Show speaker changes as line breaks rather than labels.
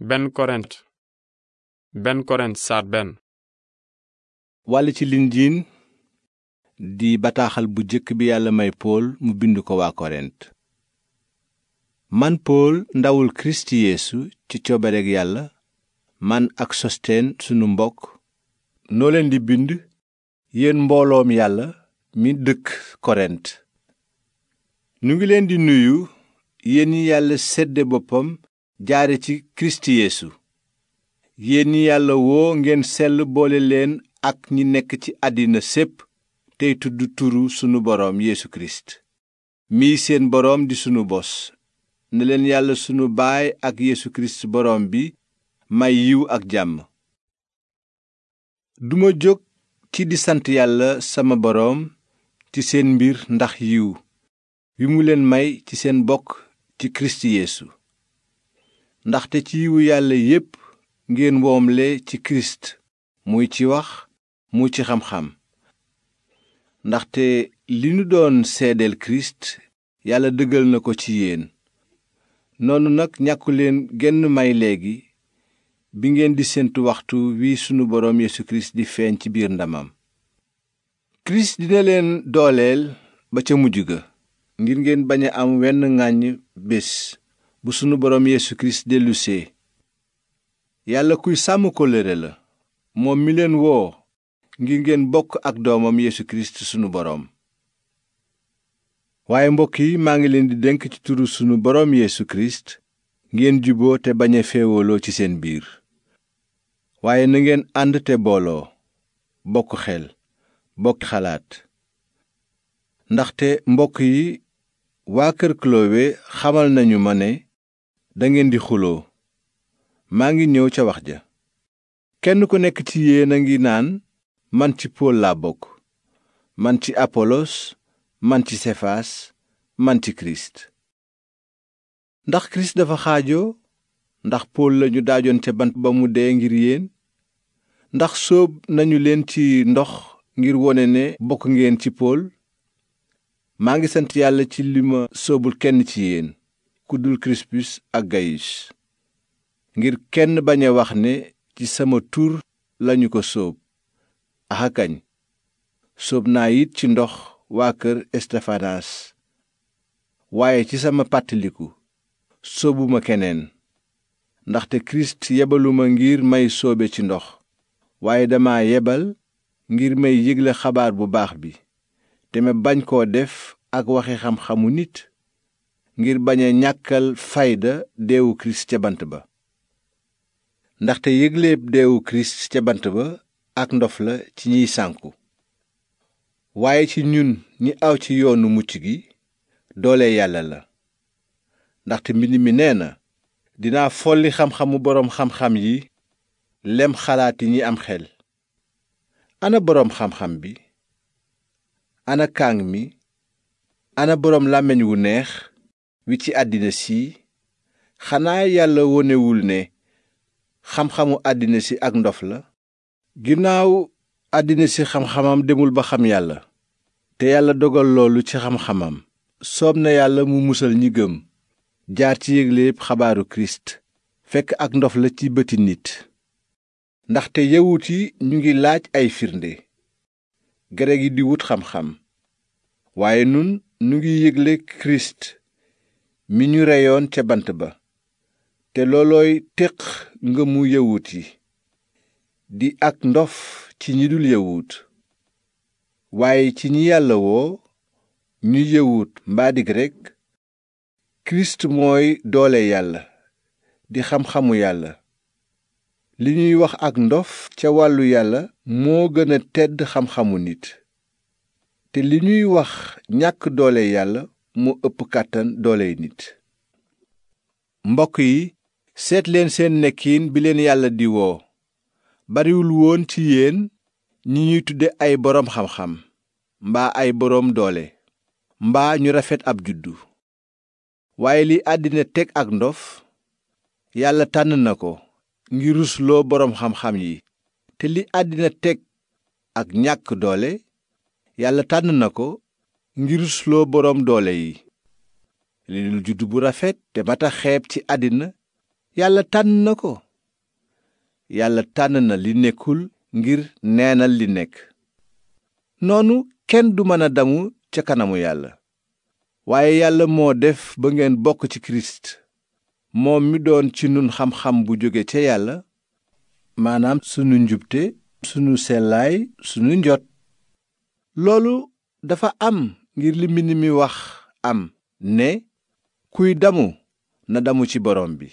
benn korent benn wàll ci lindiin di bataaxal bu jëkk bi yàlla may pool mu bind ko waa korint man pool ndawul kirist yeesu ci coobareg yàlla man ak sosteen sunu mbokk noo leen di bind yéen mbooloom yàlla mi dëkk korent nu ngi leen di nuyu yéen ñi yàlla sedde boppam jaare ci kirist yeesu yéen yàlla woo ngeen sell boole leen ak ñi nekk ci àddina sépp tey tudd turu sunu boroom yeesu kirist mii seen boroom di sunu bos ne leen yàlla sunu baay ak yeesu kirist boroom bi may yiw ak jàmm duma jóg ci di sant yàlla sama boroom ci seen mbir ndax yiw wi mu leen may ci seen bokk ci kirist yeesu ndaxte ci yiwu yàlla yépp ngeen woomle ci kirist muy ci wax mu ci xam-xam ndaxte li nu doon seedeel kirist yàlla dëggal na ko ci yéen noonu nag ñàkku leen genn may léegi bi ngeen di séentu waxtu wi sunu boroom Yesu kirist di feeñ ci biir ndamam kirist dina leen dooleel ba ca mujj ga ngir ngeen bañ a am wenn ŋàññ bés bu sunu boroom Yeesu dellusee yàlla kuy sàmm ko kóllëre la moom mi leen woo ngir ngeen bokk ak doomam Yeesu Kirist sunu boroom waaye mbokk yi maa ngi leen di dénk ci turu sunu boroom Yeesu Kirist ngeen juboo te bañ a féewaloo ci seen biir waaye na ngeen ànd te booloo bokk xel bokk xalaat ndaxte mbokk yi waa kër Klowe xamal nañu ma ne dangeen di xuloo maa ngi ñëw ca wax ja kenn ku nekk ci yéen a ngi naan man ci pool laa bokk man ci apolos man ci sefaas man ci kirist ndax kirist dafa xaajoo ndax pool lañu daajoon ca bant ba mu dee ngir yéen ndax sóob nañu leen ci ndox ngir wone ne bokk ngeen ci pool maa ngi sant yàlla ci li ma sóobul kenn ci yéen ku dul Crispus ak Gayus ngir kenn bañ a wax ne ci sama tur lañu ko sóob axakañ sóob naa it ci ndox waa kër Estefanaas waaye ci sama pàttaliku sóobuma keneen ndaxte Kirist yebaluma ngir may sóobe ci ndox waaye dama yebal ngir may yégle xabaar bu baax bi te ma bañ koo def ak waxi xam-xamu nit ngir bañ a ñàkkal fayda deewu kirist ca bant ba ndaxte yëgleeb deewu kirist ca bant ba ak ndof la ci ñiy sànku waaye ci ñun ñi aw ci yoonu mucc gi doole yàlla la ndaxte mbind mi nee na dinaa folli xam-xamu boroom xam-xam yi lem xalaat yi ñi am xel ana boroom xam-xam bi ana kaang mi ana boroom làmmiñ wu neex wi ci àddina si xanaa yàlla wonewul ne xam-xamu àddina si ak ndof la ginnaaw àddina si xam-xamam demul ba xam yàlla te yàlla dogal loolu ci xam-xamam soob na yàlla mu musal ñi gëm jaar ci yégléeb xabaaru kirist fekk ak ndof la ci bëti nit ndaxte yawut yi ñu ngi laaj ay firnde greg yi di wut xam-xam waaye nun nu ngi yégle kirist mi ñu reyoon ca bant ba te loolooy téq ngëmu yawut yi di ak ndof ci ñi dul yawut waaye ci ñi yàlla woo ñu yawut mbaa di grek mooy doole yàlla di xam-xamu yàlla li ñuy wax ak ndof ca wàllu yàlla moo gën a tëdd xam-xamu nit te li ñuy wax ñàkk doole yàlla mu ëpp kàttan dooley nit mbokk yi seetleen seen nekkin bi leen yàlla di woo bariwul woon ci yéen ñi ñuy tudde ay boroom xam-xam mbaa ay boroom doole mbaa ñu rafet ab juddu waaye li àddina teg ak ndof yàlla tànn na ko ngir rusloo boroom xam-xam yi te li àddina teg ak ñàkk doole yàlla tànn na ko ngir boroom doole yi li dul judd bu rafet te mata ci àddina yàlla tànn na ko yàlla tànn na li nekkul ngir neenal li nekk noonu kenn du mëna a damu ca kanamu yàlla waaye yàlla moo def ba ngeen bokk ci kirist moom mi doon ci nun xam-xam bu jóge ca yàlla maanaam sunu njubte sunu sellaay sunu njot loolu dafa am ngir li mbind mi wax am ne kuy damu na damu ci borom bi